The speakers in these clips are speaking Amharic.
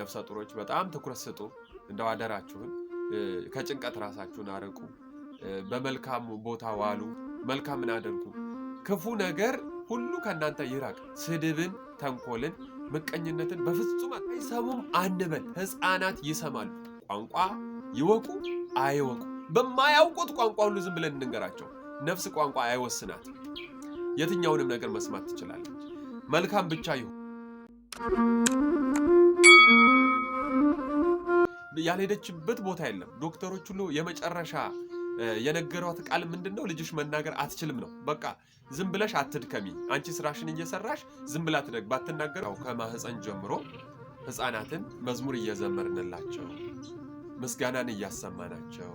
ነፍሰ ጡሮች በጣም ትኩረት ስጡ። እንደው አደራችሁን ከጭንቀት ራሳችሁን አርቁ። በመልካም ቦታ ዋሉ። መልካምን አድርጉ። ክፉ ነገር ሁሉ ከእናንተ ይራቅ። ስድብን፣ ተንኮልን፣ ምቀኝነትን በፍጹም አይሰሙም አንበል። ሕፃናት ይሰማሉ። ቋንቋ ይወቁ አይወቁ፣ በማያውቁት ቋንቋ ሁሉ ዝም ብለን እንንገራቸው። ነፍስ ቋንቋ አይወስናት። የትኛውንም ነገር መስማት ትችላለች። መልካም ብቻ ይሁን። ያልሄደችበት ቦታ የለም። ዶክተሮች ሁሉ የመጨረሻ የነገሯት ቃል ምንድን ነው? ልጅሽ መናገር አትችልም ነው። በቃ ዝም ብለሽ አትድከሚ፣ አንቺ ስራሽን እየሰራሽ ዝም ብላ ትደግ ባትናገር። ከማህፀን ጀምሮ ህፃናትን መዝሙር እየዘመርንላቸው ምስጋናን እያሰማናቸው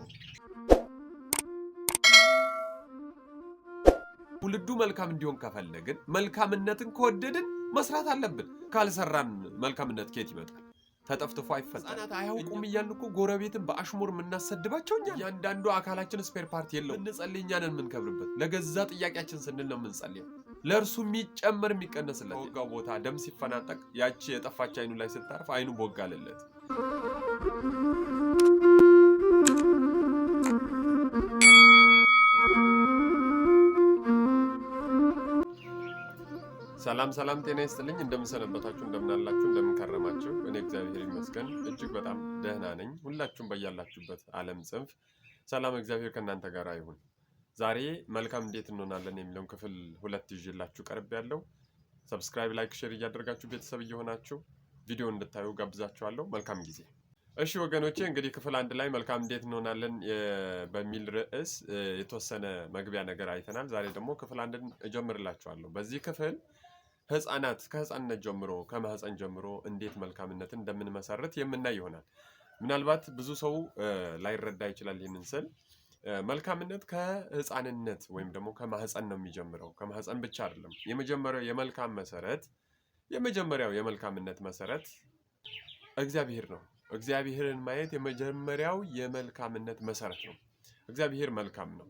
ትውልዱ መልካም እንዲሆን ከፈለግን መልካምነትን ከወደድን መስራት አለብን። ካልሰራን መልካምነት ኬት ይመጣል? ተጠፍትፎ አይፈታም። ህጻናት አያውቁም እያልን እኮ ጎረቤትን በአሽሙር የምናሰድባቸው እኛ። እያንዳንዱ አካላችን ስፔር ፓርት የለው። እንጸልይ፣ እኛን የምንከብርበት ለገዛ ጥያቄያችን ስንል ነው የምንጸልየው። ለእርሱ የሚጨመር የሚቀነስለት በወጋው ቦታ ደም ሲፈናጠቅ ያቺ የጠፋች አይኑ ላይ ስታርፍ አይኑ ቦጋለለት። ሰላም ሰላም፣ ጤና ይስጥልኝ። እንደምንሰነበታችሁ፣ እንደምናላችሁ፣ እንደምንከረማችሁ። እኔ እግዚአብሔር ይመስገን እጅግ በጣም ደህና ነኝ። ሁላችሁም በያላችሁበት ዓለም ጽንፍ ሰላም እግዚአብሔር ከእናንተ ጋር ይሁን። ዛሬ መልካም እንዴት እንሆናለን የሚለውን ክፍል ሁለት ይዤላችሁ ቀርብ ያለው ሰብስክራይብ፣ ላይክ፣ ሼር እያደረጋችሁ ቤተሰብ እየሆናችሁ ቪዲዮ እንድታዩ ጋብዛችኋለሁ። መልካም ጊዜ። እሺ ወገኖቼ እንግዲህ ክፍል አንድ ላይ መልካም እንዴት እንሆናለን በሚል ርዕስ የተወሰነ መግቢያ ነገር አይተናል። ዛሬ ደግሞ ክፍል አንድን እጀምርላችኋለሁ። በዚህ ክፍል ህፃናት ከህፃንነት ጀምሮ ከማህፀን ጀምሮ እንዴት መልካምነትን እንደምንመሰርት የምናይ ይሆናል። ምናልባት ብዙ ሰው ላይረዳ ይችላል ይህንን ስል መልካምነት ከህፃንነት ወይም ደግሞ ከማህፀን ነው የሚጀምረው። ከማህፀን ብቻ አይደለም። የመጀመሪያው የመልካም መሰረት የመጀመሪያው የመልካምነት መሰረት እግዚአብሔር ነው። እግዚአብሔርን ማየት የመጀመሪያው የመልካምነት መሰረት ነው። እግዚአብሔር መልካም ነው።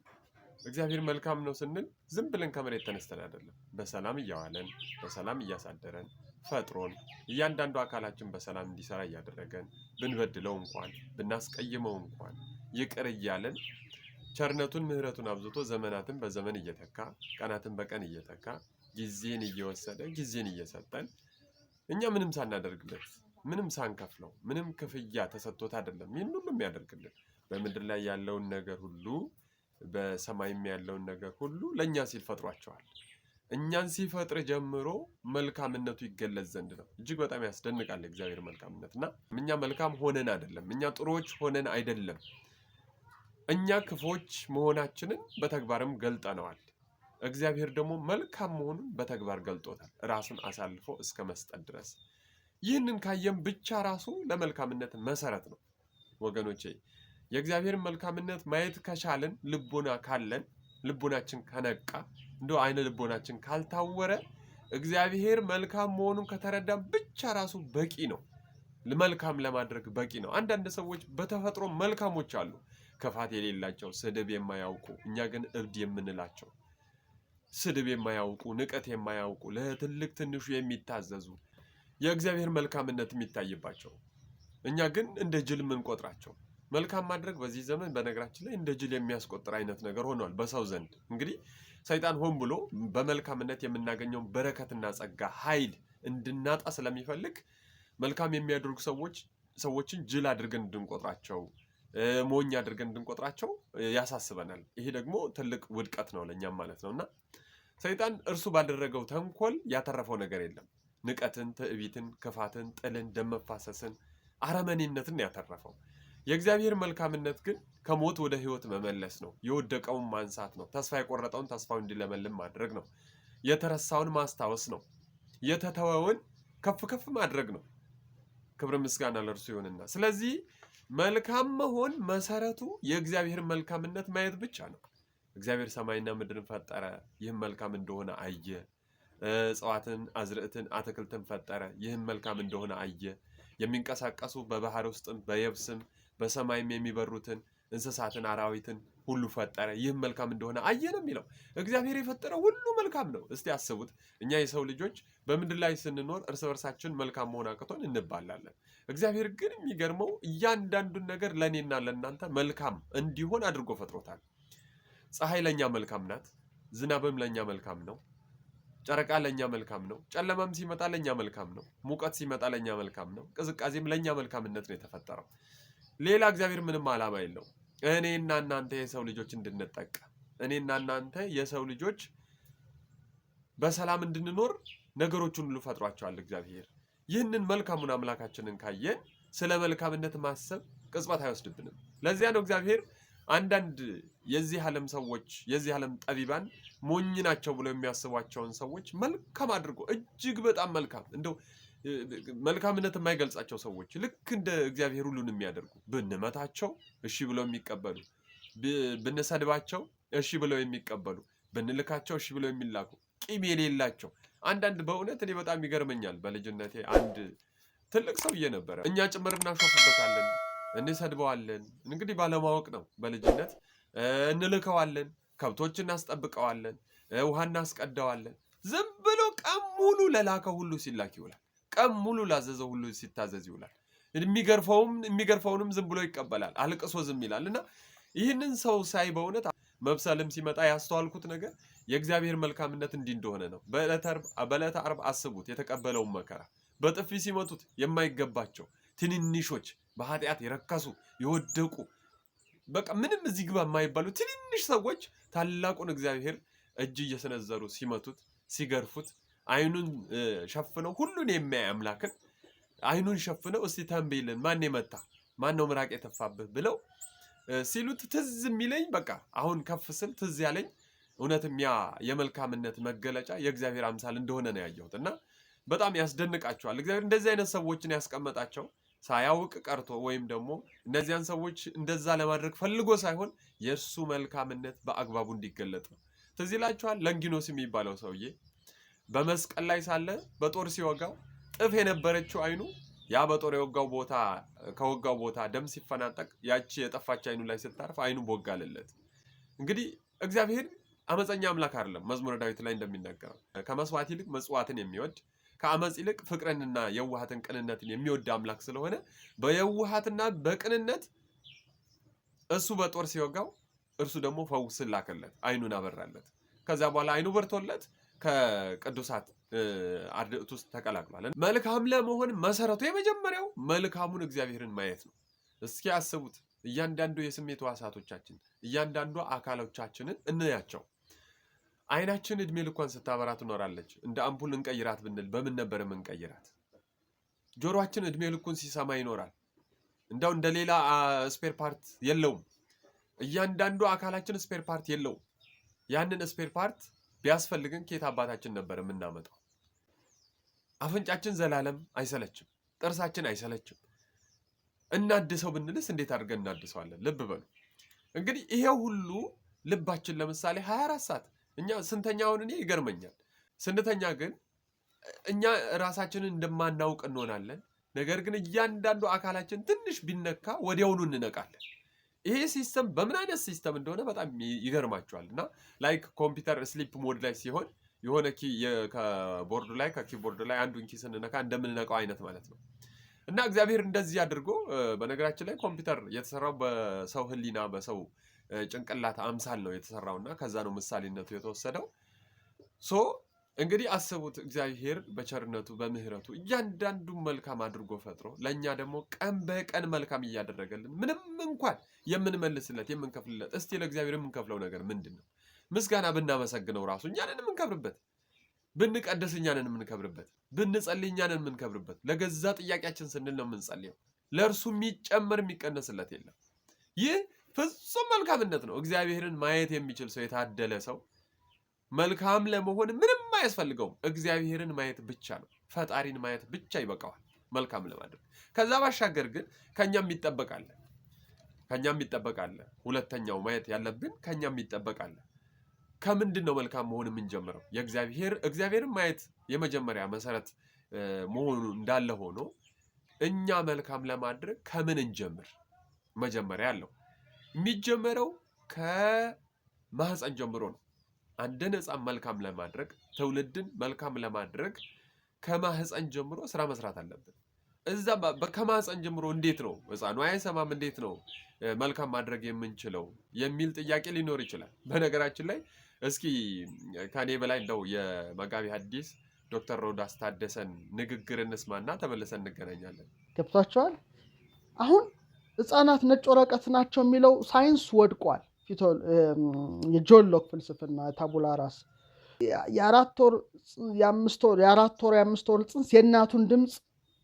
እግዚአብሔር መልካም ነው ስንል ዝም ብለን ከመሬት ተነስተን አይደለም። በሰላም እያዋለን በሰላም እያሳደረን ፈጥሮን እያንዳንዱ አካላችን በሰላም እንዲሰራ እያደረገን ብንበድለው እንኳን ብናስቀይመው እንኳን ይቅር እያለን ቸርነቱን ምሕረቱን አብዝቶ ዘመናትን በዘመን እየተካ ቀናትን በቀን እየተካ ጊዜን እየወሰደ ጊዜን እየሰጠን እኛ ምንም ሳናደርግለት ምንም ሳንከፍለው ምንም ክፍያ ተሰጥቶት አይደለም ይህን ሁሉ የሚያደርግልን በምድር ላይ ያለውን ነገር ሁሉ በሰማይም ያለውን ነገር ሁሉ ለእኛ ሲል ፈጥሯቸዋል። እኛን ሲፈጥር ጀምሮ መልካምነቱ ይገለጽ ዘንድ ነው። እጅግ በጣም ያስደንቃል የእግዚአብሔር መልካምነት እና እኛ መልካም ሆነን አይደለም፣ እኛ ጥሩዎች ሆነን አይደለም፣ እኛ ክፎች መሆናችንን በተግባርም ገልጠነዋል። እግዚአብሔር ደግሞ መልካም መሆኑን በተግባር ገልጦታል፣ ራሱን አሳልፎ እስከ መስጠት ድረስ። ይህንን ካየም ብቻ ራሱ ለመልካምነት መሰረት ነው ወገኖቼ። የእግዚአብሔርን መልካምነት ማየት ከቻልን ልቦና ካለን ልቦናችን ከነቃ እንደ አይነ ልቦናችን ካልታወረ እግዚአብሔር መልካም መሆኑን ከተረዳም ብቻ ራሱ በቂ ነው። መልካም ለማድረግ በቂ ነው። አንዳንድ ሰዎች በተፈጥሮ መልካሞች አሉ፣ ክፋት የሌላቸው ስድብ የማያውቁ እኛ ግን እብድ የምንላቸው ስድብ የማያውቁ ንቀት የማያውቁ ለትልቅ ትንሹ የሚታዘዙ የእግዚአብሔር መልካምነት የሚታይባቸው እኛ ግን እንደ ጅል ምንቆጥራቸው መልካም ማድረግ በዚህ ዘመን በነገራችን ላይ እንደ ጅል የሚያስቆጥር አይነት ነገር ሆኗል በሰው ዘንድ። እንግዲህ ሰይጣን ሆን ብሎ በመልካምነት የምናገኘውን በረከትና ጸጋ ኃይል እንድናጣ ስለሚፈልግ መልካም የሚያደርጉ ሰዎች ሰዎችን ጅል አድርገን እንድንቆጥራቸው፣ ሞኝ አድርገን እንድንቆጥራቸው ያሳስበናል። ይሄ ደግሞ ትልቅ ውድቀት ነው ለእኛም ማለት ነው እና ሰይጣን እርሱ ባደረገው ተንኮል ያተረፈው ነገር የለም። ንቀትን፣ ትዕቢትን፣ ክፋትን፣ ጥልን፣ ደም መፋሰስን፣ አረመኔነትን ያተረፈው የእግዚአብሔር መልካምነት ግን ከሞት ወደ ህይወት መመለስ ነው። የወደቀውን ማንሳት ነው። ተስፋ የቆረጠውን ተስፋው እንዲለመልም ማድረግ ነው። የተረሳውን ማስታወስ ነው። የተተወውን ከፍ ከፍ ማድረግ ነው። ክብር ምስጋና ለእርሱ ይሁንና። ስለዚህ መልካም መሆን መሰረቱ የእግዚአብሔር መልካምነት ማየት ብቻ ነው። እግዚአብሔር ሰማይና ምድርን ፈጠረ፣ ይህም መልካም እንደሆነ አየ። እጽዋትን፣ አዝርዕትን፣ አትክልትን ፈጠረ፣ ይህም መልካም እንደሆነ አየ። የሚንቀሳቀሱ በባህር ውስጥም በየብስም በሰማይም የሚበሩትን እንስሳትን አራዊትን ሁሉ ፈጠረ፣ ይህም መልካም እንደሆነ አየ የሚለው። እግዚአብሔር የፈጠረው ሁሉ መልካም ነው። እስቲ አስቡት፣ እኛ የሰው ልጆች በምድር ላይ ስንኖር እርስ በርሳችን መልካም መሆን አቅቶን እንባላለን። እግዚአብሔር ግን የሚገርመው እያንዳንዱን ነገር ለእኔና ለእናንተ መልካም እንዲሆን አድርጎ ፈጥሮታል። ፀሐይ ለእኛ መልካም ናት፣ ዝናብም ለእኛ መልካም ነው፣ ጨረቃ ለእኛ መልካም ነው፣ ጨለማም ሲመጣ ለእኛ መልካም ነው፣ ሙቀት ሲመጣ ለእኛ መልካም ነው፣ ቅዝቃዜም ለእኛ መልካምነት ነው የተፈጠረው። ሌላ እግዚአብሔር ምንም ዓላማ የለው። እኔና እናንተ የሰው ልጆች እንድንጠቀ እኔና እናንተ የሰው ልጆች በሰላም እንድንኖር ነገሮችን ሁሉ ፈጥሯቸዋል እግዚአብሔር። ይህንን መልካሙን አምላካችንን ካየን ስለ መልካምነት ማሰብ ቅጽበት አይወስድብንም። ለዚያ ነው እግዚአብሔር አንዳንድ የዚህ ዓለም ሰዎች የዚህ ዓለም ጠቢባን ሞኝ ናቸው ብሎ የሚያስቧቸውን ሰዎች መልካም አድርጎ እጅግ በጣም መልካም እንደው መልካምነት የማይገልጻቸው ሰዎች ልክ እንደ እግዚአብሔር ሁሉን የሚያደርጉ ብንመታቸው እሺ ብለው የሚቀበሉ ብንሰድባቸው እሺ ብለው የሚቀበሉ ብንልካቸው እሺ ብለው የሚላኩ ቂም የሌላቸው አንዳንድ በእውነት እኔ በጣም ይገርመኛል። በልጅነቴ አንድ ትልቅ ሰውዬ ነበረ። እኛ ጭምር እናሾፍበታለን፣ እንሰድበዋለን። እንግዲህ ባለማወቅ ነው። በልጅነት እንልከዋለን፣ ከብቶች እናስጠብቀዋለን፣ ውሃ እናስቀዳዋለን። ዝም ብሎ ቀን ሙሉ ለላከው ሁሉ ሲላክ ይውላል። ቀን ሙሉ ላዘዘው ሁሉ ሲታዘዝ ይውላል። የሚገርፈውም የሚገርፈውንም ዝም ብሎ ይቀበላል፣ አልቅሶ ዝም ይላል እና ይህንን ሰው ሳይ በእውነት መብሰልም ሲመጣ ያስተዋልኩት ነገር የእግዚአብሔር መልካምነት እንዲህ እንደሆነ ነው። በዕለተ ዓርብ አስቡት የተቀበለውን መከራ በጥፊ ሲመቱት የማይገባቸው ትንንሾች፣ በኃጢአት የረከሱ የወደቁ በቃ ምንም እዚህ ግባ የማይባሉ ትንንሽ ሰዎች ታላቁን እግዚአብሔር እጅ እየሰነዘሩ ሲመቱት ሲገርፉት አይኑን ሸፍነው ሁሉን የሚያይ አምላክን አይኑን ሸፍነው እስቲ ተንብይልን ማን የመታ ማን ነው ምራቅ የተፋብህ ብለው ሲሉት ትዝ የሚለኝ በቃ አሁን ከፍ ስል ትዝ ያለኝ እውነትም ያ የመልካምነት መገለጫ የእግዚአብሔር አምሳል እንደሆነ ነው ያየሁት እና በጣም ያስደንቃቸዋል። እግዚአብሔር እንደዚህ አይነት ሰዎችን ያስቀመጣቸው ሳያውቅ ቀርቶ ወይም ደግሞ እነዚያን ሰዎች እንደዛ ለማድረግ ፈልጎ ሳይሆን የእሱ መልካምነት በአግባቡ እንዲገለጥ ነው። ትዝ ይላችኋል ለንጊኖስ የሚባለው ሰውዬ በመስቀል ላይ ሳለ በጦር ሲወጋው ጥፍ የነበረችው አይኑ ያ በጦር የወጋው ቦታ ከወጋው ቦታ ደም ሲፈናጠቅ ያቺ የጠፋች አይኑ ላይ ስታርፍ አይኑ ቦግ እንግዲህ እግዚአብሔር አመፀኛ አምላክ አይደለም። መዝሙረ ዳዊት ላይ እንደሚነገረው ከመስዋዕት ይልቅ መጽዋትን የሚወድ ከአመፅ ይልቅ ፍቅርንና የዋሃትን ቅንነትን የሚወድ አምላክ ስለሆነ በየዋሃትና በቅንነት እሱ በጦር ሲወጋው እርሱ ደግሞ ፈውስን ላከለት፣ አይኑን አበራለት። ከዚያ በኋላ አይኑ በርቶለት ከቅዱሳት አርድእት ውስጥ ተቀላቅሏል። መልካም ለመሆን መሰረቱ የመጀመሪያው መልካሙን እግዚአብሔርን ማየት ነው። እስኪ አስቡት። እያንዳንዱ የስሜት ሕዋሳቶቻችን እያንዳንዱ አካሎቻችንን እንያቸው። አይናችን እድሜ ልኳን ስታበራ ትኖራለች። እንደ አምፑል እንቀይራት ብንል በምን ነበር የምንቀይራት? ጆሮአችን እድሜ ልኩን ሲሰማ ይኖራል። እንደው እንደ ሌላ ስፔር ፓርት የለውም። እያንዳንዱ አካላችን ስፔር ፓርት የለውም። ያንን ስፔር ፓርት ቢያስፈልግን ኬት አባታችን ነበር የምናመጣው። አፍንጫችን ዘላለም አይሰለችም፣ ጥርሳችን አይሰለችም። እናድሰው ብንልስ እንዴት አድርገን እናድሰዋለን? ልብ በሉ እንግዲህ ይሄ ሁሉ ልባችን ለምሳሌ 24 ሰዓት እኛ ስንተኛ እኔ ይገርመኛል። ስንተኛ ግን እኛ ራሳችንን እንደማናውቅ እንሆናለን። ነገር ግን እያንዳንዱ አካላችን ትንሽ ቢነካ ወዲያውኑ እንነቃለን። ይሄ ሲስተም በምን አይነት ሲስተም እንደሆነ በጣም ይገርማቸዋል። እና ላይክ ኮምፒውተር ስሊፕ ሞድ ላይ ሲሆን የሆነ ኪ ከቦርዱ ላይ ከኪቦርዱ ላይ አንዱን ኪ ስንነካ እንደምንነቃው አይነት ማለት ነው። እና እግዚአብሔር እንደዚህ አድርጎ በነገራችን ላይ ኮምፒውተር የተሰራው በሰው ህሊና በሰው ጭንቅላት አምሳል ነው የተሰራው እና ከዛ ነው ምሳሌነቱ የተወሰደው ሶ እንግዲህ አስቡት እግዚአብሔር በቸርነቱ በምህረቱ እያንዳንዱን መልካም አድርጎ ፈጥሮ ለእኛ ደግሞ ቀን በቀን መልካም እያደረገልን ምንም እንኳን የምንመልስለት የምንከፍልለት፣ እስቲ ለእግዚአብሔር የምንከፍለው ነገር ምንድን ነው? ምስጋና ብናመሰግነው ራሱ እኛንን የምንከብርበት፣ ብንቀደስ እኛንን የምንከብርበት፣ ብንጸልይ እኛንን የምንከብርበት። ለገዛ ጥያቄያችን ስንል ነው የምንጸልየው። ለእርሱ የሚጨመር የሚቀነስለት የለም። ይህ ፍጹም መልካምነት ነው። እግዚአብሔርን ማየት የሚችል ሰው የታደለ ሰው መልካም ለመሆን ምንም አያስፈልገውም። እግዚአብሔርን ማየት ብቻ ነው። ፈጣሪን ማየት ብቻ ይበቃዋል መልካም ለማድረግ። ከዛ ባሻገር ግን ከእኛም ይጠበቃል ከእኛም ይጠበቃል። ሁለተኛው ማየት ያለብን ከእኛም ይጠበቃል። ከምንድን ነው መልካም መሆን የምንጀምረው? የእግዚአብሔር እግዚአብሔርን ማየት የመጀመሪያ መሰረት መሆኑ እንዳለ ሆኖ እኛ መልካም ለማድረግ ከምን እንጀምር? መጀመሪያ ያለው የሚጀመረው ከማህፀን ጀምሮ ነው። አንድን ህፃን መልካም ለማድረግ ትውልድን መልካም ለማድረግ ከማህፀን ጀምሮ ስራ መስራት አለብን። እዛ ከማህፀን ጀምሮ እንዴት ነው ህፃኑ አይሰማም፣ እንዴት ነው መልካም ማድረግ የምንችለው የሚል ጥያቄ ሊኖር ይችላል። በነገራችን ላይ እስኪ ከኔ በላይ እንደው የመጋቢ ሐዲስ ዶክተር ሮዳስ ታደሰን ንግግር እንስማና ተመልሰን እንገናኛለን። ገብቷቸዋል። አሁን ህፃናት ነጭ ወረቀት ናቸው የሚለው ሳይንስ ወድቋል። የጆን ሎክ ፍልስፍና ታቡላ ራስ የአራት ወር የአምስት ወር ፅንስ የእናቱን ድምፅ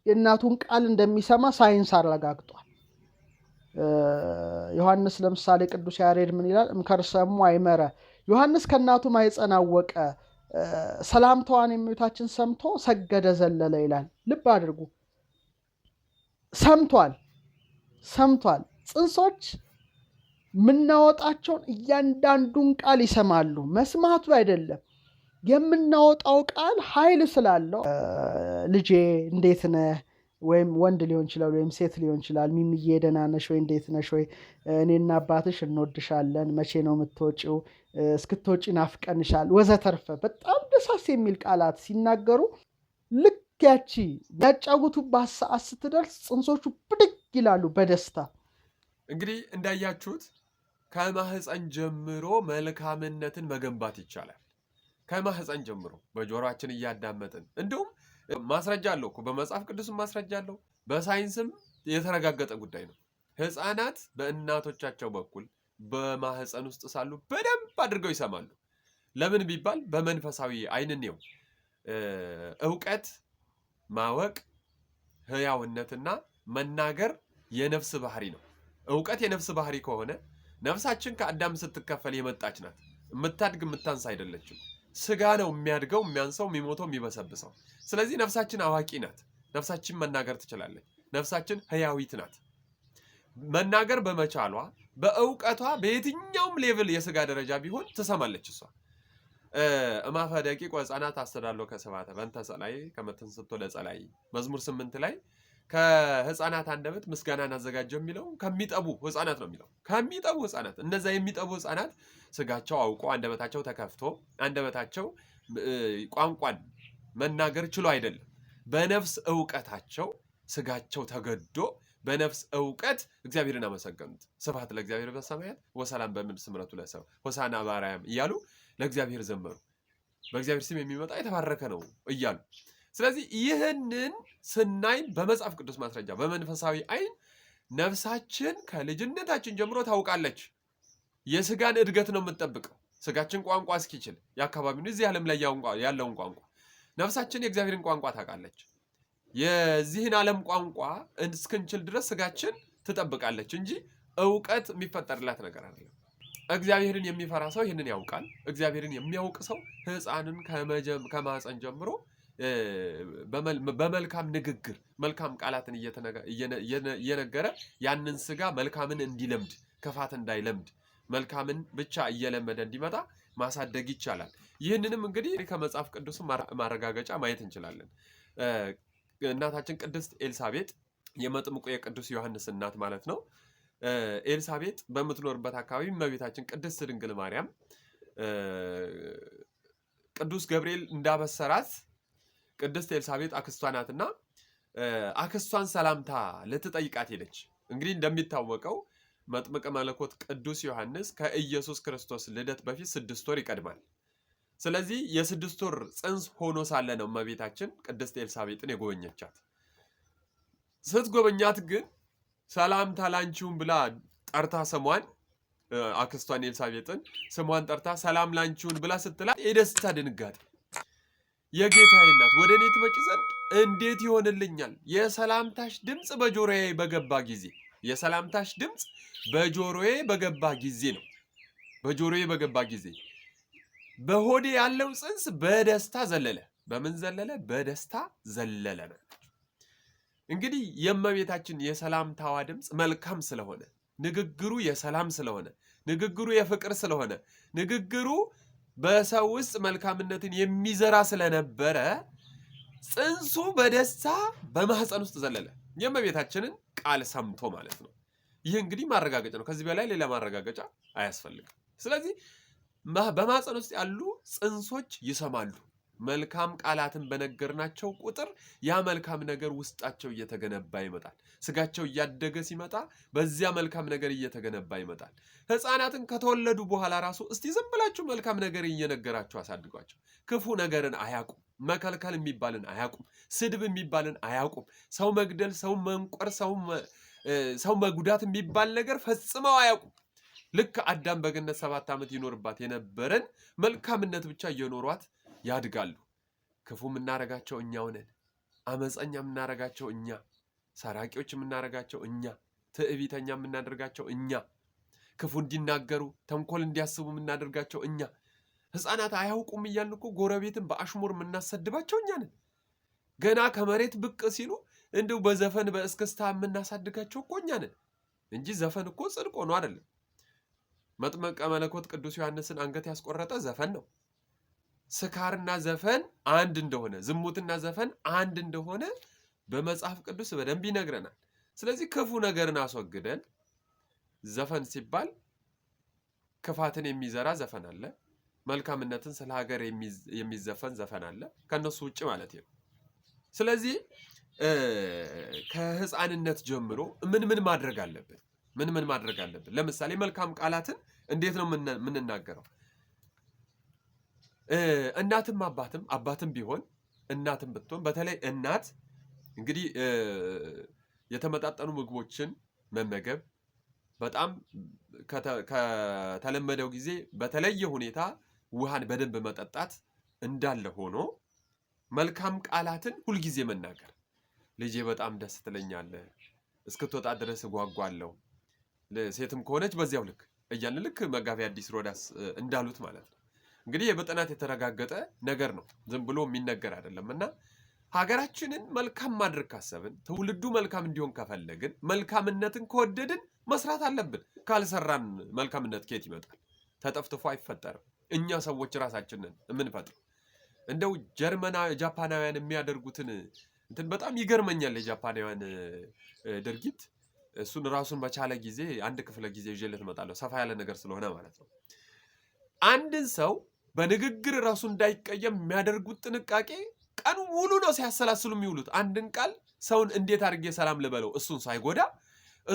የእናቱን ቃል እንደሚሰማ ሳይንስ አረጋግጧል። ዮሐንስ ለምሳሌ ቅዱስ ያሬድ ምን ይላል? እምከርሰሙ አይመረ ዮሐንስ ከእናቱ ማኅፀን አወቀ፣ ሰላምታዋን ሰምቶ ሰገደ ዘለለ ይላል። ልብ አድርጉ፣ ሰምቷል፣ ሰምቷል። ፅንሶች የምናወጣቸውን እያንዳንዱን ቃል ይሰማሉ። መስማቱ አይደለም የምናወጣው ቃል ኃይል ስላለው ልጄ እንዴት ነህ ወይም ወንድ ሊሆን ይችላል ወይም ሴት ሊሆን ይችላል። ሚሚዬ ደህና ነሽ ወይ? እንዴት ነሽ ወይ? እኔና አባትሽ እንወድሻለን። መቼ ነው የምትወጪው? እስክትወጪ ናፍቀንሻል። ወዘተርፈ በጣም ደሳስ የሚል ቃላት ሲናገሩ ልክ ያቺ ያጫወቱባት ሰዓት ስትደርስ ጽንሶቹ ብድግ ይላሉ በደስታ እንግዲህ እንዳያችሁት ከማህፀን ጀምሮ መልካምነትን መገንባት ይቻላል። ከማህፀን ጀምሮ በጆሮአችን እያዳመጥን እንዲሁም ማስረጃ አለው እኮ በመጽሐፍ ቅዱስም ማስረጃ አለው፣ በሳይንስም የተረጋገጠ ጉዳይ ነው። ህፃናት በእናቶቻቸው በኩል በማህፀን ውስጥ ሳሉ በደንብ አድርገው ይሰማሉ። ለምን ቢባል በመንፈሳዊ አይንኔው እውቀት ማወቅ ህያውነትና መናገር የነፍስ ባህሪ ነው። እውቀት የነፍስ ባህሪ ከሆነ ነፍሳችን ከአዳም ስትከፈል የመጣች ናት። የምታድግ የምታንስ አይደለችም። ስጋ ነው የሚያድገው፣ የሚያንሰው፣ የሚሞተው፣ የሚበሰብሰው። ስለዚህ ነፍሳችን አዋቂ ናት። ነፍሳችን መናገር ትችላለች። ነፍሳችን ህያዊት ናት። መናገር በመቻሏ በእውቀቷ በየትኛውም ሌቭል የስጋ ደረጃ ቢሆን ትሰማለች። እሷ እማፈ ደቂቆ ህፃናት አስተዳሎ ከሰባተ በንተ ሰላይ ከመተንስቶ ለጸላይ መዝሙር ስምንት ላይ ከህፃናት አንደበት ምስጋናን አዘጋጀው የሚለው ከሚጠቡ ህፃናት ነው የሚለው ከሚጠቡ ህፃናት። እነዛ የሚጠቡ ህፃናት ስጋቸው አውቆ አንደበታቸው ተከፍቶ አንደበታቸው ቋንቋን መናገር ችሎ አይደለም። በነፍስ እውቀታቸው ስጋቸው ተገዶ በነፍስ እውቀት እግዚአብሔርን አመሰገኑት። ስብሐት ለእግዚአብሔር በሰማያት ወሰላም በምድር ስምረቱ ለሰብእ ሆሳዕና በአርያም እያሉ ለእግዚአብሔር ዘመሩ። በእግዚአብሔር ስም የሚመጣ የተባረከ ነው እያሉ ስለዚህ ይህንን ስናይ በመጽሐፍ ቅዱስ ማስረጃ በመንፈሳዊ አይን ነፍሳችን ከልጅነታችን ጀምሮ ታውቃለች። የስጋን እድገት ነው የምትጠብቀው። ስጋችን ቋንቋ እስኪችል የአካባቢውን እዚህ ዓለም ላይ ያለውን ቋንቋ ነፍሳችን የእግዚአብሔርን ቋንቋ ታውቃለች። የዚህን ዓለም ቋንቋ እስክንችል ድረስ ስጋችን ትጠብቃለች እንጂ እውቀት የሚፈጠርላት ነገር አይደለም። እግዚአብሔርን የሚፈራ ሰው ይህንን ያውቃል። እግዚአብሔርን የሚያውቅ ሰው ሕፃንን ከማፀን ጀምሮ በመልካም ንግግር መልካም ቃላትን እየነገረ ያንን ስጋ መልካምን እንዲለምድ ክፋት እንዳይለምድ መልካምን ብቻ እየለመደ እንዲመጣ ማሳደግ ይቻላል። ይህንንም እንግዲህ ከመጽሐፍ ቅዱስ ማረጋገጫ ማየት እንችላለን። እናታችን ቅድስት ኤልሳቤጥ የመጥምቁ የቅዱስ ዮሐንስ እናት ማለት ነው። ኤልሳቤጥ በምትኖርበት አካባቢ እመቤታችን ቅድስት ድንግል ማርያም ቅዱስ ገብርኤል እንዳበሰራት ቅድስት ኤልሳቤጥ አክስቷ ናትና አክስቷን ሰላምታ ልትጠይቃት ሄደች። እንግዲህ እንደሚታወቀው መጥምቀ መለኮት ቅዱስ ዮሐንስ ከኢየሱስ ክርስቶስ ልደት በፊት ስድስት ወር ይቀድማል። ስለዚህ የስድስት ወር ጽንስ ሆኖ ሳለ ነው እመቤታችን ቅድስት ኤልሳቤጥን የጎበኘቻት። ስትጎበኛት ግን ሰላምታ ላንቺውን ብላ ጠርታ ስሟን አክስቷን ኤልሳቤጥን ስሟን ጠርታ ሰላም ላንቺውን ብላ ስትላት የደስታ ድንጋጤ የጌታዬ እናት ወደ እኔ ትመጪ ዘንድ እንዴት ይሆንልኛል? የሰላምታሽ ድምፅ በጆሮዬ በገባ ጊዜ የሰላምታሽ ድምፅ በጆሮዬ በገባ ጊዜ ነው። በጆሮዬ በገባ ጊዜ በሆዴ ያለው ጽንስ በደስታ ዘለለ። በምን ዘለለ? በደስታ ዘለለ ነው። እንግዲህ የእመቤታችን የሰላምታዋ ድምፅ መልካም ስለሆነ፣ ንግግሩ የሰላም ስለሆነ፣ ንግግሩ የፍቅር ስለሆነ፣ ንግግሩ በሰው ውስጥ መልካምነትን የሚዘራ ስለነበረ ጽንሱ በደስታ በማህፀን ውስጥ ዘለለ። የእመቤታችንን ቃል ሰምቶ ማለት ነው። ይህ እንግዲህ ማረጋገጫ ነው። ከዚህ በላይ ሌላ ማረጋገጫ አያስፈልግም። ስለዚህ በማህፀን ውስጥ ያሉ ጽንሶች ይሰማሉ። መልካም ቃላትን በነገርናቸው ቁጥር ያ መልካም ነገር ውስጣቸው እየተገነባ ይመጣል። ስጋቸው እያደገ ሲመጣ በዚያ መልካም ነገር እየተገነባ ይመጣል። ሕፃናትን ከተወለዱ በኋላ ራሱ እስቲ ዝም ብላችሁ መልካም ነገር እየነገራችሁ አሳድጓቸው። ክፉ ነገርን አያውቁም። መከልከል የሚባልን አያውቁም። ስድብ የሚባልን አያውቁም። ሰው መግደል፣ ሰው መንቆር፣ ሰው መጉዳት የሚባል ነገር ፈጽመው አያውቁም። ልክ አዳም በገነት ሰባት ዓመት ይኖርባት የነበረን መልካምነት ብቻ እየኖሯት ያድጋሉ። ክፉ የምናረጋቸው እኛው ነን። አመፀኛ የምናረጋቸው እኛ፣ ሰራቂዎች የምናረጋቸው እኛ፣ ትዕቢተኛ የምናደርጋቸው እኛ፣ ክፉ እንዲናገሩ ተንኮል እንዲያስቡ የምናደርጋቸው እኛ። ህፃናት አያውቁም እያልን እኮ ጎረቤትን በአሽሙር የምናሰድባቸው እኛ ነን። ገና ከመሬት ብቅ ሲሉ እንዲሁ በዘፈን በእስክስታ የምናሳድጋቸው እኮ እኛ ነን እንጂ ዘፈን እኮ ጽድቅ ሆኖ አይደለም። መጥመቀ መለኮት ቅዱስ ዮሐንስን አንገት ያስቆረጠ ዘፈን ነው። ስካርና ዘፈን አንድ እንደሆነ፣ ዝሙትና ዘፈን አንድ እንደሆነ በመጽሐፍ ቅዱስ በደንብ ይነግረናል። ስለዚህ ክፉ ነገርን አስወግደን ዘፈን ሲባል ክፋትን የሚዘራ ዘፈን አለ፣ መልካምነትን ስለ ሀገር የሚዘፈን ዘፈን አለ፣ ከእነሱ ውጭ ማለት ነው። ስለዚህ ከህፃንነት ጀምሮ ምን ምን ማድረግ አለብን? ምን ምን ማድረግ አለብን? ለምሳሌ መልካም ቃላትን እንዴት ነው የምንናገረው? እናትም አባትም አባትም ቢሆን እናትም ብትሆን በተለይ እናት እንግዲህ የተመጣጠኑ ምግቦችን መመገብ በጣም ከተለመደው ጊዜ በተለየ ሁኔታ ውሃን በደንብ መጠጣት እንዳለ ሆኖ መልካም ቃላትን ሁልጊዜ መናገር ልጄ በጣም ደስ ትለኛለህ፣ እስክትወጣ ድረስ እጓጓለሁ፣ ሴትም ከሆነች በዚያው ልክ እያልን ልክ መጋቢ አዲስ ሮዳስ እንዳሉት ማለት ነው። እንግዲህ በጥናት የተረጋገጠ ነገር ነው። ዝም ብሎ የሚነገር አይደለም እና ሀገራችንን መልካም ማድረግ ካሰብን፣ ትውልዱ መልካም እንዲሆን ከፈለግን፣ መልካምነትን ከወደድን መስራት አለብን። ካልሰራን መልካምነት ኬት ይመጣል? ተጠፍጥፎ አይፈጠርም። እኛ ሰዎች ራሳችንን የምንፈጥረው እንደው ጀርመና ጃፓናውያን የሚያደርጉትን እንትን በጣም ይገርመኛል። የጃፓናውያን ድርጊት እሱን ራሱን በቻለ ጊዜ አንድ ክፍለ ጊዜ ይዤለት እመጣለሁ፣ ሰፋ ያለ ነገር ስለሆነ ማለት ነው። አንድን ሰው በንግግር ራሱ እንዳይቀየም የሚያደርጉት ጥንቃቄ ቀኑ ሙሉ ነው ሲያሰላስሉ የሚውሉት። አንድን ቃል ሰውን እንዴት አድርጌ ሰላም ልበለው እሱን ሳይጎዳ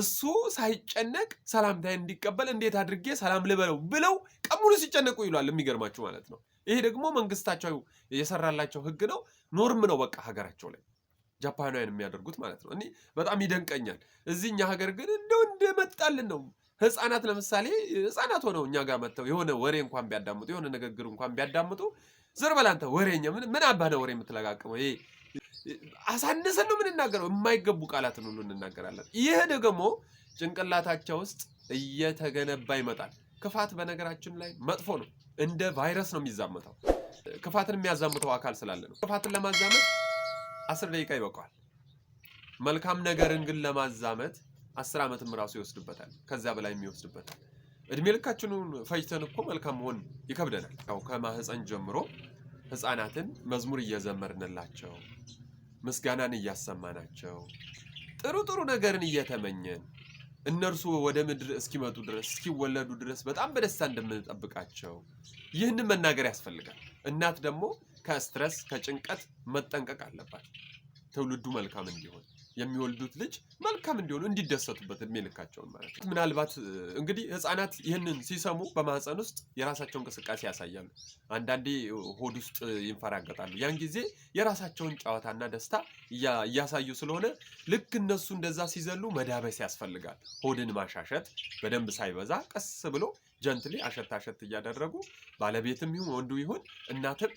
እሱ ሳይጨነቅ ሰላምታዬን እንዲቀበል እንዴት አድርጌ ሰላም ልበለው ብለው ቀን ሙሉ ሲጨነቁ ይሏል። የሚገርማችሁ ማለት ነው። ይሄ ደግሞ መንግስታቸው የሰራላቸው ህግ ነው፣ ኖርም ነው። በቃ ሀገራቸው ላይ ጃፓናውያን የሚያደርጉት ማለት ነው። እኔ በጣም ይደንቀኛል። እዚህኛ ሀገር ግን እንደው እንደመጣልን ነው ህፃናት ለምሳሌ ህፃናት ሆነው እኛ ጋር መጥተው የሆነ ወሬ እንኳን ቢያዳምጡ የሆነ ንግግር እንኳን ቢያዳምጡ ዝር በላንተ ወሬኛ ምን አባህ ነው ወሬ የምትለቃቅመው? ይሄ አሳንሰን ነው የምንናገረው። የማይገቡ ቃላትን ሁሉ እንናገራለን። ይህ ደግሞ ጭንቅላታቸው ውስጥ እየተገነባ ይመጣል። ክፋት በነገራችን ላይ መጥፎ ነው። እንደ ቫይረስ ነው የሚዛመተው። ክፋትን የሚያዛምተው አካል ስላለ ነው። ክፋትን ለማዛመት አስር ደቂቃ ይበቃዋል። መልካም ነገርን ግን ለማዛመት አስር ዓመትም ራሱ ይወስድበታል፣ ከዚያ በላይ ይወስድበታል። እድሜ ልካችንን ፈጅተን እኮ መልካም መሆን ይከብደናል። ያው ከማህፀን ጀምሮ ህፃናትን መዝሙር እየዘመርንላቸው ምስጋናን እያሰማናቸው ጥሩ ጥሩ ነገርን እየተመኘን እነርሱ ወደ ምድር እስኪመጡ ድረስ እስኪወለዱ ድረስ በጣም በደስታ እንደምንጠብቃቸው ይህንን መናገር ያስፈልጋል። እናት ደግሞ ከስትረስ ከጭንቀት መጠንቀቅ አለባት፣ ትውልዱ መልካም እንዲሆን የሚወልዱት ልጅ መልካም እንዲሆኑ እንዲደሰቱበት እድሜ ልካቸውን ማለት ነው። ምናልባት እንግዲህ ህፃናት ይህንን ሲሰሙ በማህፀን ውስጥ የራሳቸው እንቅስቃሴ ያሳያሉ። አንዳንዴ ሆድ ውስጥ ይንፈራገጣሉ። ያን ጊዜ የራሳቸውን ጨዋታና ደስታ እያሳዩ ስለሆነ ልክ እነሱ እንደዛ ሲዘሉ መዳበስ ያስፈልጋል። ሆድን ማሻሸት በደንብ ሳይበዛ ቀስ ብሎ ጀንትሊ አሸት አሸት እያደረጉ ባለቤትም ይሁን ወንዱ ይሁን እናትም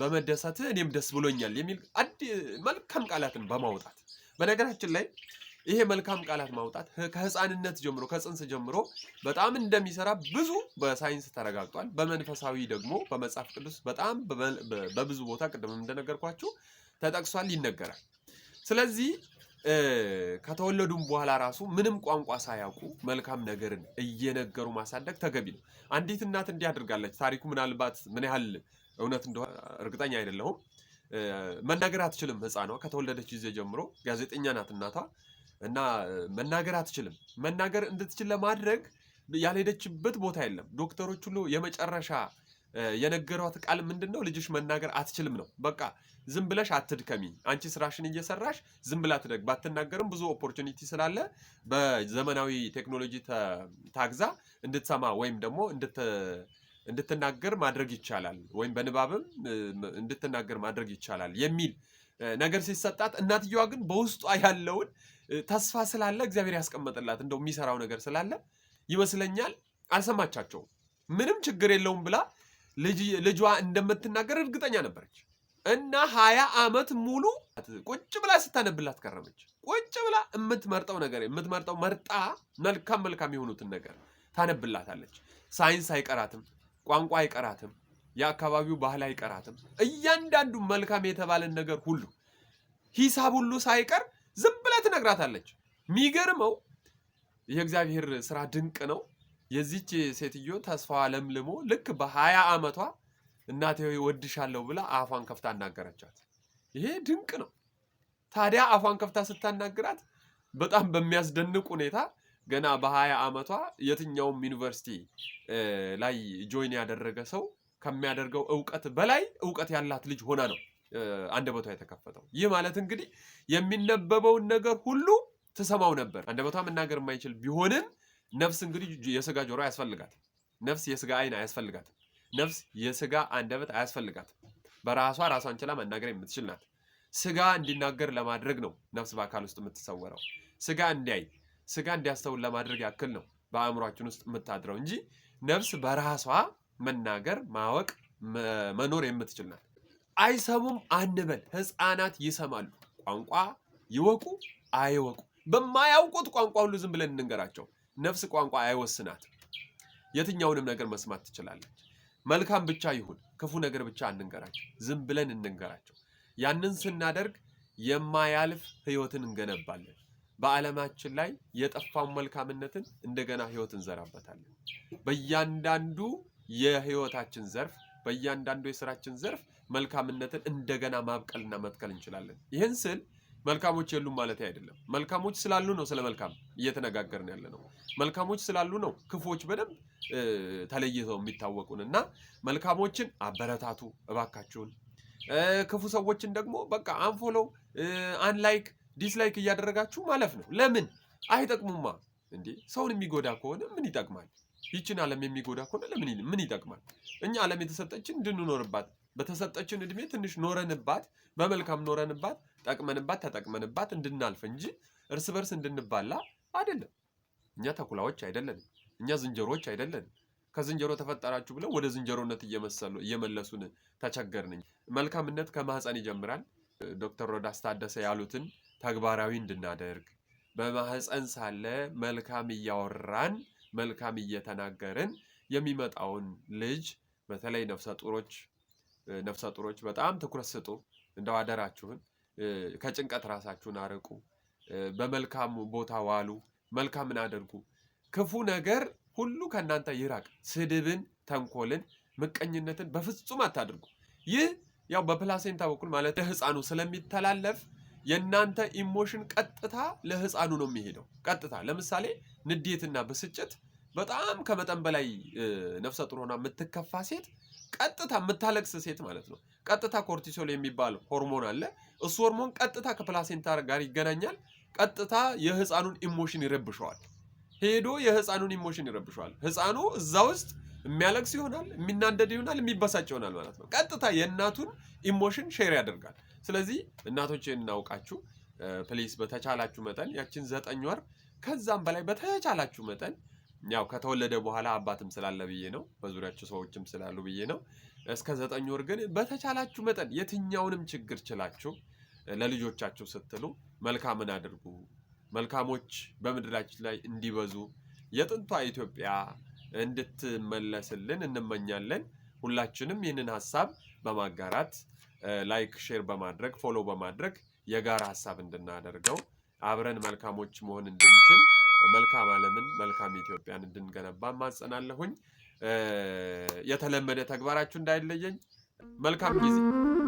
በመደሳት እኔም ደስ ብሎኛል የሚል መልካም ቃላትን በማውጣት በነገራችን ላይ ይሄ መልካም ቃላት ማውጣት ከህፃንነት ጀምሮ ከጽንስ ጀምሮ በጣም እንደሚሰራ ብዙ በሳይንስ ተረጋግጧል። በመንፈሳዊ ደግሞ በመጽሐፍ ቅዱስ በጣም በብዙ ቦታ ቅድም እንደነገርኳችሁ ተጠቅሷል፣ ይነገራል። ስለዚህ ከተወለዱም በኋላ ራሱ ምንም ቋንቋ ሳያውቁ መልካም ነገርን እየነገሩ ማሳደግ ተገቢ ነው። አንዲት እናት እንዲህ አድርጋለች። ታሪኩ ምናልባት ምን ያህል እውነት እንደሆነ እርግጠኛ አይደለሁም። መናገር አትችልም። ነው ከተወለደች ጊዜ ጀምሮ ጋዜጠኛ ናት እናቷ እና መናገር አትችልም። መናገር እንድትችል ለማድረግ ያልሄደችበት ቦታ የለም። ዶክተሮች ሁሉ የመጨረሻ የነገሯት ቃል ምንድን ነው? ልጅሽ መናገር አትችልም ነው። በቃ ዝም ብለሽ አትድከሚ፣ አንቺ ስራሽን እየሰራሽ ዝም ብላ ትደግ። ባትናገርም ብዙ ኦፖርቹኒቲ ስላለ በዘመናዊ ቴክኖሎጂ ታግዛ እንድትሰማ ወይም ደግሞ እንድትናገር ማድረግ ይቻላል ወይም በንባብም እንድትናገር ማድረግ ይቻላል የሚል ነገር ሲሰጣት፣ እናትየዋ ግን በውስጧ ያለውን ተስፋ ስላለ እግዚአብሔር ያስቀመጠላት እንደው የሚሰራው ነገር ስላለ ይመስለኛል አልሰማቻቸውም። ምንም ችግር የለውም ብላ ልጇ እንደምትናገር እርግጠኛ ነበረች እና ሀያ ዓመት ሙሉ ቁጭ ብላ ስታነብላት ከረመች። ቁጭ ብላ የምትመርጠው ነገር የምትመርጠው መርጣ መልካም መልካም የሆኑትን ነገር ታነብላታለች። ሳይንስ አይቀራትም። ቋንቋ አይቀራትም። የአካባቢው ባህል አይቀራትም። እያንዳንዱ መልካም የተባለን ነገር ሁሉ ሂሳብ ሁሉ ሳይቀር ዝም ብላ ትነግራታለች። የሚገርመው የእግዚአብሔር ስራ ድንቅ ነው። የዚች ሴትዮ ተስፋዋ ለምልሞ ልክ በሀያ ዓመቷ እናቴ ወድሻለሁ ብላ አፏን ከፍታ አናገረቻት። ይሄ ድንቅ ነው። ታዲያ አፏን ከፍታ ስታናግራት በጣም በሚያስደንቅ ሁኔታ ገና በሀያ ዓመቷ የትኛውም ዩኒቨርሲቲ ላይ ጆይን ያደረገ ሰው ከሚያደርገው እውቀት በላይ እውቀት ያላት ልጅ ሆና ነው አንደበቷ የተከፈተው። ይህ ማለት እንግዲህ የሚነበበውን ነገር ሁሉ ትሰማው ነበር። አንደበቷ መናገር የማይችል ቢሆንም ነፍስ እንግዲህ የስጋ ጆሮ አያስፈልጋት ነፍስ የስጋ አይን አያስፈልጋትም። ነፍስ የስጋ አንደበት አያስፈልጋትም። በራሷ ራሷን ችላ መናገር የምትችል ናት። ስጋ እንዲናገር ለማድረግ ነው ነፍስ በአካል ውስጥ የምትሰወረው ስጋ እንዲያይ ስጋ እንዲያስተውል ለማድረግ ያክል ነው በአእምሯችን ውስጥ የምታድረው እንጂ ነፍስ በራሷ መናገር ማወቅ መኖር የምትችል ናት። አይሰሙም አንበል። ህፃናት ይሰማሉ። ቋንቋ ይወቁ አይወቁ፣ በማያውቁት ቋንቋ ሁሉ ዝም ብለን እንንገራቸው። ነፍስ ቋንቋ አይወስናት። የትኛውንም ነገር መስማት ትችላለች። መልካም ብቻ ይሁን ክፉ ነገር ብቻ አንንገራቸው፣ ዝም ብለን እንንገራቸው። ያንን ስናደርግ የማያልፍ ህይወትን እንገነባለን። በዓለማችን ላይ የጠፋውን መልካምነትን እንደገና ህይወት እንዘራበታለን። በእያንዳንዱ የህይወታችን ዘርፍ፣ በእያንዳንዱ የስራችን ዘርፍ መልካምነትን እንደገና ማብቀልና መትከል እንችላለን። ይህን ስል መልካሞች የሉም ማለት አይደለም። መልካሞች ስላሉ ነው ስለ መልካም እየተነጋገርን ያለ ነው። መልካሞች ስላሉ ነው ክፎች በደንብ ተለይተው የሚታወቁን እና መልካሞችን አበረታቱ እባካችሁን፣ ክፉ ሰዎችን ደግሞ በቃ አንፎሎ አንላይክ ዲስላይክ እያደረጋችሁ ማለፍ ነው። ለምን አይጠቅሙማ እንዴ! ሰውን የሚጎዳ ከሆነ ምን ይጠቅማል? ይችን ዓለም የሚጎዳ ከሆነ ለምን ምን ይጠቅማል? እኛ ዓለም የተሰጠችን እንድንኖርባት በተሰጠችን እድሜ ትንሽ ኖረንባት በመልካም ኖረንባት ጠቅመንባት ተጠቅመንባት እንድናልፍ እንጂ እርስ በርስ እንድንባላ አይደለም። እኛ ተኩላዎች አይደለንም። እኛ ዝንጀሮዎች አይደለንም። ከዝንጀሮ ተፈጠራችሁ ብለው ወደ ዝንጀሮነት እየመለሱን ተቸገርን። መልካምነት ከማህፀን ይጀምራል። ዶክተር ሮዳስ ታደሰ ያሉትን ተግባራዊ እንድናደርግ በማህፀን ሳለ መልካም እያወራን መልካም እየተናገርን የሚመጣውን ልጅ በተለይ ነፍሰ ጡሮች ነፍሰ ጡሮች በጣም ትኩረት ስጡ። እንደው አደራችሁን ከጭንቀት ራሳችሁን አርቁ። በመልካም ቦታ ዋሉ፣ መልካምን አድርጉ። ክፉ ነገር ሁሉ ከእናንተ ይራቅ። ስድብን፣ ተንኮልን፣ ምቀኝነትን በፍጹም አታድርጉ። ይህ ያው በፕላሴንታ በኩል ማለት ህፃኑ ስለሚተላለፍ የእናንተ ኢሞሽን ቀጥታ ለህፃኑ ነው የሚሄደው። ቀጥታ ለምሳሌ ንዴትና ብስጭት በጣም ከመጠን በላይ ነፍሰ ጡር ሆና የምትከፋ ሴት ቀጥታ የምታለቅስ ሴት ማለት ነው። ቀጥታ ኮርቲሶል የሚባል ሆርሞን አለ። እሱ ሆርሞን ቀጥታ ከፕላሴንታ ጋር ይገናኛል። ቀጥታ የህፃኑን ኢሞሽን ይረብሸዋል። ሄዶ የህፃኑን ኢሞሽን ይረብሸዋል። ህፃኑ እዛ ውስጥ የሚያለቅስ ይሆናል፣ የሚናደድ ይሆናል፣ የሚበሳጭ ይሆናል ማለት ነው። ቀጥታ የእናቱን ኢሞሽን ሼር ያደርጋል። ስለዚህ እናቶች እናውቃችሁ ፕሊስ በተቻላችሁ መጠን ያችን ዘጠኝ ወር ከዛም በላይ በተቻላችሁ መጠን ያው ከተወለደ በኋላ አባትም ስላለ ብዬ ነው፣ በዙሪያቸው ሰዎችም ስላሉ ብዬ ነው። እስከ ዘጠኝ ወር ግን በተቻላችሁ መጠን የትኛውንም ችግር ችላችሁ ለልጆቻችሁ ስትሉ መልካምን አድርጉ። መልካሞች በምድራችን ላይ እንዲበዙ የጥንቷ ኢትዮጵያ እንድትመለስልን እንመኛለን። ሁላችንም ይህንን ሀሳብ በማጋራት ላይክ፣ ሼር በማድረግ ፎሎ በማድረግ የጋራ ሀሳብ እንድናደርገው አብረን መልካሞች መሆን እንድንችል መልካም ዓለምን መልካም ኢትዮጵያን እንድንገነባ ማጸናለሁኝ። የተለመደ ተግባራችሁ እንዳይለየኝ። መልካም ጊዜ